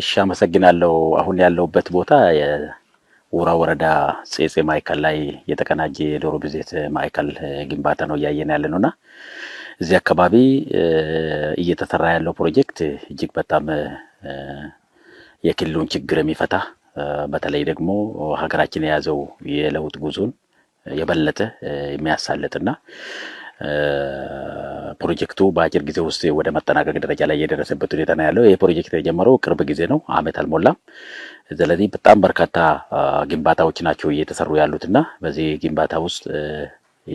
እሺ አመሰግናለሁ። አሁን ያለሁበት ቦታ የውራ ወረዳ ጼጼ ማዕከል ላይ የተቀናጀ የዶሮ ብዜት ማዕከል ግንባታ ነው እያየን ያለ ነውና እዚህ አካባቢ እየተሰራ ያለው ፕሮጀክት እጅግ በጣም የክልሉን ችግር የሚፈታ በተለይ ደግሞ ሀገራችን የያዘው የለውጥ ጉዞን የበለጠ የሚያሳልጥና ፕሮጀክቱ በአጭር ጊዜ ውስጥ ወደ መጠናቀቅ ደረጃ ላይ የደረሰበት ሁኔታ ነው ያለው። ይህ ፕሮጀክት የጀመረው ቅርብ ጊዜ ነው፣ አመት አልሞላም። ስለዚህ በጣም በርካታ ግንባታዎች ናቸው እየተሰሩ ያሉት እና በዚህ ግንባታ ውስጥ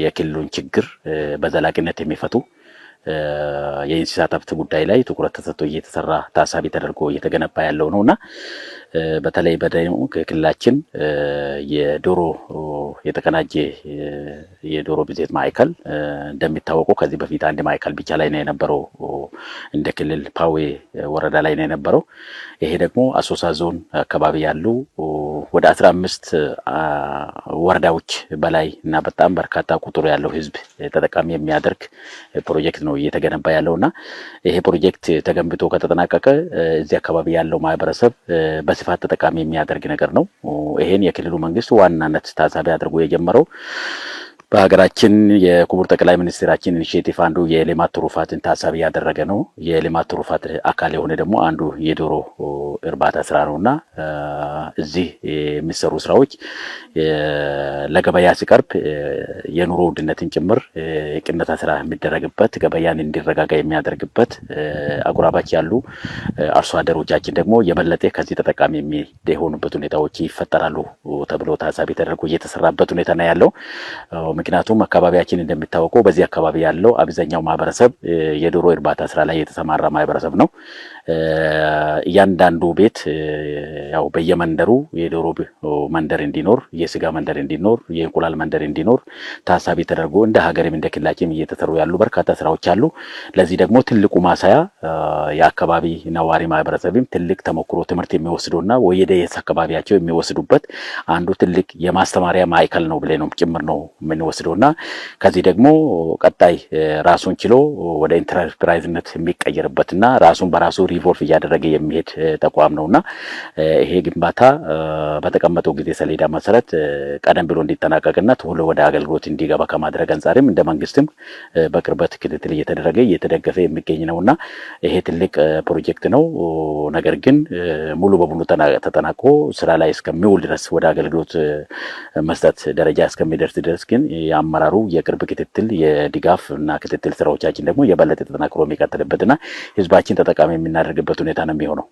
የክልሉን ችግር በዘላቂነት የሚፈቱ የእንስሳት ሀብት ጉዳይ ላይ ትኩረት ተሰጥቶ እየተሰራ ታሳቢ ተደርጎ እየተገነባ ያለው ነው እና በተለይ በደሞ ክልላችን የዶሮ የተቀናጀ የዶሮ ብዜት ማዕከል እንደሚታወቀው ከዚህ በፊት አንድ ማዕከል ብቻ ላይ ነው የነበረው፣ እንደ ክልል ፓዌ ወረዳ ላይ ነው የነበረው። ይሄ ደግሞ አሶሳ ዞን አካባቢ ያሉ ወደ አስራ አምስት ወረዳዎች በላይ እና በጣም በርካታ ቁጥሩ ያለው ህዝብ ተጠቃሚ የሚያደርግ ፕሮጀክት ነው እየተገነባ ያለው እና ይሄ ፕሮጀክት ተገንብቶ ከተጠናቀቀ እዚህ አካባቢ ያለው ማህበረሰብ በስፋት ተጠቃሚ የሚያደርግ ነገር ነው። ይሄን የክልሉ መንግስት ዋናነት ታዛቢ አድርጎ የጀመረው በሀገራችን የክቡር ጠቅላይ ሚኒስትራችን ኢኒሽቲቭ አንዱ የሌማት ትሩፋትን ታሳቢ ያደረገ ነው። የሌማት ትሩፋት አካል የሆነ ደግሞ አንዱ የዶሮ እርባታ ስራ ነው እና እዚህ የሚሰሩ ስራዎች ለገበያ ሲቀርብ የኑሮ ውድነትን ጭምር ቅነታ ስራ የሚደረግበት ገበያን እንዲረጋጋ የሚያደርግበት አጉራባች ያሉ አርሶ አደሮቻችን ደግሞ የበለጠ ከዚህ ተጠቃሚ የሚሆኑበት ሁኔታዎች ይፈጠራሉ ተብሎ ታሳቢ ተደርጎ እየተሰራበት ሁኔታ ነው ያለው። ምክንያቱም አካባቢያችን እንደሚታወቀው በዚህ አካባቢ ያለው አብዛኛው ማህበረሰብ የዶሮ እርባታ ስራ ላይ የተሰማራ ማህበረሰብ ነው። እያንዳንዱ ቤት ያው በየመንደሩ የዶሮ መንደር እንዲኖር፣ የስጋ መንደር እንዲኖር፣ የእንቁላል መንደር እንዲኖር ታሳቢ ተደርጎ እንደ ሀገርም እንደ ክልላችንም እየተሰሩ ያሉ በርካታ ስራዎች አሉ። ለዚህ ደግሞ ትልቁ ማሳያ የአካባቢ ነዋሪ ማህበረሰብም ትልቅ ተሞክሮ ትምህርት የሚወስዱና ወየደየስ አካባቢያቸው የሚወስዱበት አንዱ ትልቅ የማስተማሪያ ማዕከል ነው ብለን ነው ጭምር ነው እና ከዚህ ደግሞ ቀጣይ ራሱን ችሎ ወደ ኢንተርፕራይዝነት የሚቀየርበትና ራሱን በራሱ ሪቮልቭ እያደረገ የሚሄድ ተቋም እና ይሄ ግንባታ በተቀመጠው ጊዜ ሰሌዳ መሰረት ቀደም ብሎ እንዲጠናቀቅና ቶሎ ወደ አገልግሎት እንዲገባ ከማድረግ አንጻርም እንደ መንግስትም በቅርበት ክትትል እየተደረገ እየተደገፈ የሚገኝ እና ይሄ ትልቅ ፕሮጀክት ነው። ነገር ግን ሙሉ በሙሉ ተጠናቆ ስራ ላይ እስከሚውል ድረስ ወደ አገልግሎት መስጠት ደረጃ እስከሚደርስ ድረስ ግን የአመራሩ የቅርብ ክትትል የድጋፍ እና ክትትል ስራዎቻችን ደግሞ የበለጠ ተጠናክሮ የሚቀጥልበትና ህዝባችን ተጠቃሚ የምናደርግበት ሁኔታ ነው የሚሆነው።